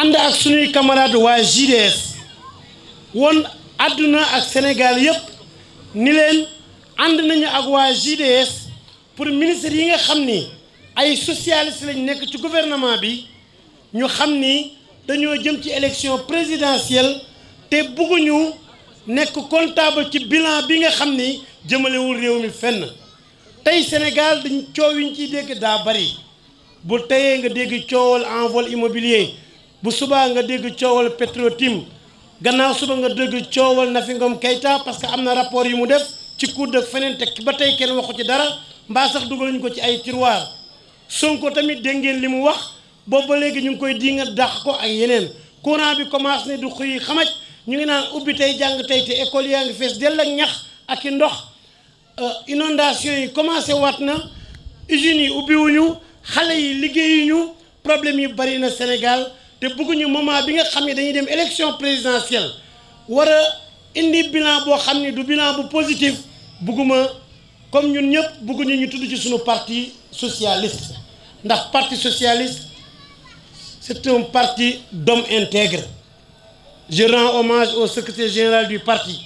ànd ak suñuy camarade waa JDS woon àdduna ak Sénégal yëpp ni leen ànd nañu ak waa JDS pour ministre yi nga xam ni ay socialiste lañ nekk ci gouvernement bi ñu xam ni dañoo jëm ci élection présidentielle te bëgguñu nekk comptable ci bilan bi nga xam ni jëmalewul réew mi fenn tey Sénégal dañ coow yi ciy dégg daa bari bu teyee nga dégg coowal envol immobilier bu subaa nga dégg coowal Petro-Tim gannaaw suba nga dégg coowal Nafi Ngom Keïta parce que am na rapport yu mu def ci kudd ak feneen te ba tey kenn waxu ci dara mbaa sax ñu ko ci ay tiroir Sonko tamit dégg ngeen li mu wax boobu ba léegi ñu ngi koy di nga ko ak yeneen courant bi commencé ne du xuy xamaj ñu ngi naan ubbi tey jàng tey te école yaa ngi fees dell ak ñax ak i ndox euh, inondation yi commencé waat na usines yi ubbiwuñu xale yi liggéeyuñu problème yi bari na Sénégal te bëgguñu moment bi nga xam ne dañuy dem élection présidentielle war a indi bilan boo xam ne du bilan bu positif bëgguma comme ñun ñëpp bugguñu ñu tudd ci suñu parti socialiste ndax parti socialiste c'est un parti d'hommes intègres je rends hommage au secrétaire général du parti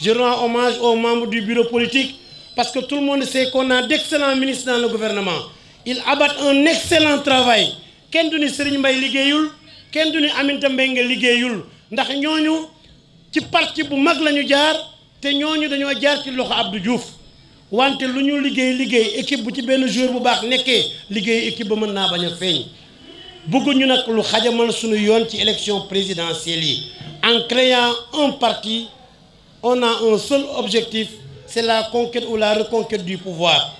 je rends hommage aux membres du bureau politique parce que tout le monde sait qu'on a d'excellents ministres dans le gouvernement ils abattent un excellent travail kenn du ni Serigne mbay liggéeyul kenn du ni Aminata Mbengue liggéeyul ndax ñooñu ci parti bu mag lañu jaar te ñooñu dañoo jaar ci loxo Abdou Diouf wante lu ñu liggéey liggéey équipe bu ci benn joueur bu baax nekkee liggéey équipe ba mën naa bañ a feeñ bëgguñu nag lu xajamal suñu yoon ci élection présidentielle yi en créant un parti on a un seul objectif c'est la conquête ou la reconquête du pouvoir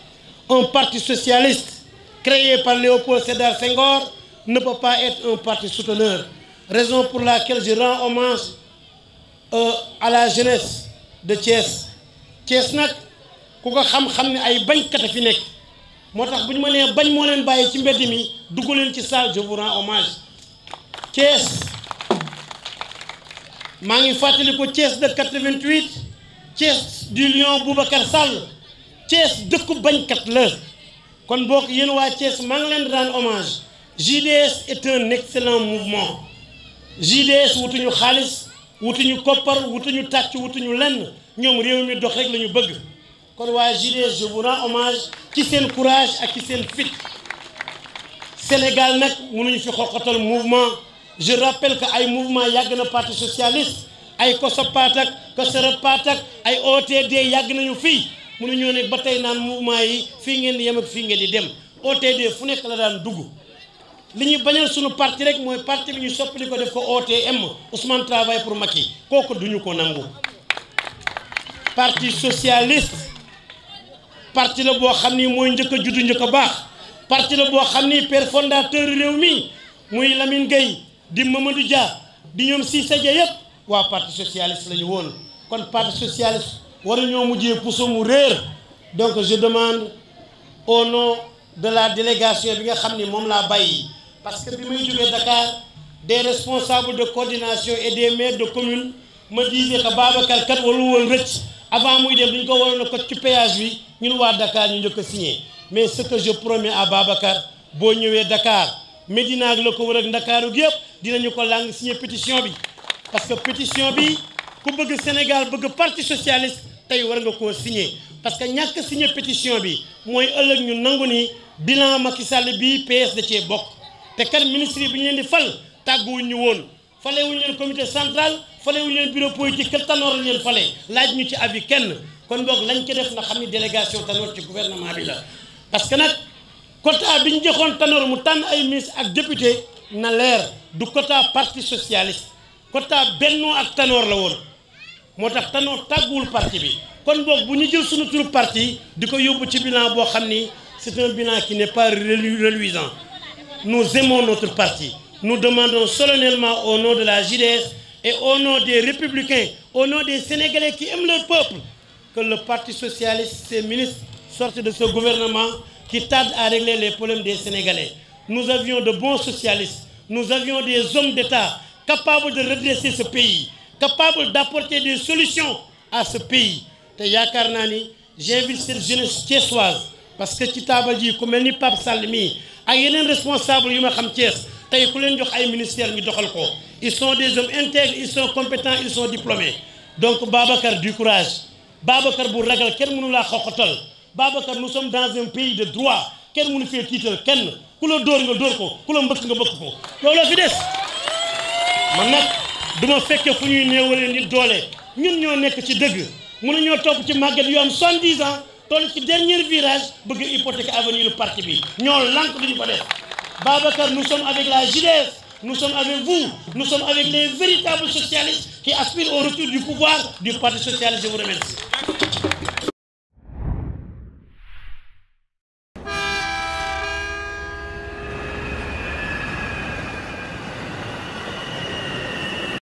un parti socialiste créé par Léopold Sédar Senghor ne peut pas être un parti souteneur. Raison pour la je rends hommage euh, à la jeunesse de Thiès. Thiès nag ku ko xam-xam ni ay bañkat a fi nekk moo tax bu ñu ma nee bañ moo leen bàyyi ci mbedd mi dugg leen ci salle je vous rends hommage Thiès maa ngi fàttali ko Thiès de 88 Thiès du lion Boubacar Sall Thiès dëkku bañkat la kon bokk yéen waa Thiès maa ngi leen di rendre hommage. JDS est un excellent mouvement JDS wutuñu xaalis wutuñu koppar wutuñu tàcc wutuñu lenn ñoom réew mi dox rek la bëgg kon waa JDS je vous rends ci seen courage ak ci seen fit Sénégal nag mënuñu fi xoqatal mouvement je rappelle que ay mouvement yàgg na parti socialiste ay COSAPAT ak COSREPAT ak ay OTD yàgg nañu fii mënuñoo ne ba tey naan mouvement yi fii ngeen di yem ak fii ngeen di dem OTD fu nekk la daan dugg. li ñuy bañal suñu parti rek mooy parti bi ñu soppali ko def ko OTM Ousmane travaille pour Macky kooku duñu ko nangu parti socialiste parti la boo xam ni mooy njëkk a juddu njëkk baax parti la boo xam ni père fondateur réew mi muy lamin Gueye di Mamadou Dia di ñoom Cissé Dia yëpp waa parti socialiste la ñu woon kon parti socialiste waru ñoo mujjee puso mu réer donc je demande au nom de la délégation bi nga xam ni moom laa bàyyi parce que bi may jógee Dakar des responsables de coordination et des maires de commune ma diisee que Babacar kat walu woon rëcc avant muy dem duñ ko waroon a ko ci péage bi ñun waa Dakar ñu njëkk a signé mais ce que je promets à Babacar boo ñëwee Dakar Médina ak la ko wër ak Ndakaaru gi yëpp dinañu ko làng signé pétition bi parce que pétition bi ku bëgg Sénégal bëgg parti socialiste tey war nga koo signé parce que ñàkk signé pétition bi mooy ëllëg ñu nangu ni bilan Macky Sall bii cee bokk te kan ministre bi ñu leen di fal tàgguwuñ ñu woon fale leen comité central fale wuñ leen bureau politique que Tanor lañ leen fale laaj ñu ci avis kenn kon boog lañ ci def na xam ne délégation Tanor ci gouvernement bi la parce que nag quota bi ñu joxoon Tanor mu tànn ay ministre ak député na leer du quota parti socialiste quota bennoo ak Tanor la woon moo tax Tanor tàgguwul parti bi kon boog bu ñu jël suñu turu parti di ko yóbbu ci bilan boo xam ni c'est un bilan qui n'est pas reluisant nous aimons notre parti. Nous demandons solennellement au nom de la JDS et au nom des républicains, au nom des Sénégalais qui aiment leur peuple, que le Parti socialiste, ses ministres, sortent de ce gouvernement qui tarde à régler les problèmes des Sénégalais. Nous avions de bons socialistes, nous avions des hommes d'État capables de redresser ce pays, capables d'apporter des solutions à ce pays. Te yaakaar naa ni j'invite cette jeunesse thiessoise parce que ci taabal ji ku mel ni pap Sall mii ak yeneen responsable yu ma xam Thiès tey ku leen jox ay ministères ñu doxal ko ils sont des hommes intègres ils sont compétents ils sont diplômés donc Babacar du courage Babacar bu ragal kenn mënu laa xoxotal Babacar nous sommes dans un pays de droit kenn mënu fee tiital kenn ku la dóor nga dóor ko ku la mbëkk nga mbëkk ko looloo fi des man nag duma fekke fu ñuy néewalee nit doole ñun ñoo nekk ci dëgg mënuñoo topp ci màgget yu am toll ci dernier virage bëgg hypothéquer avenir lu parti bi ñoo lànk duñu ko def Babacar nous sommes avec la jeunesse nous sommes avec vous nous sommes avec les véritables socialistes qui aspirent au retour du pouvoir du parti socialiste je vous remercie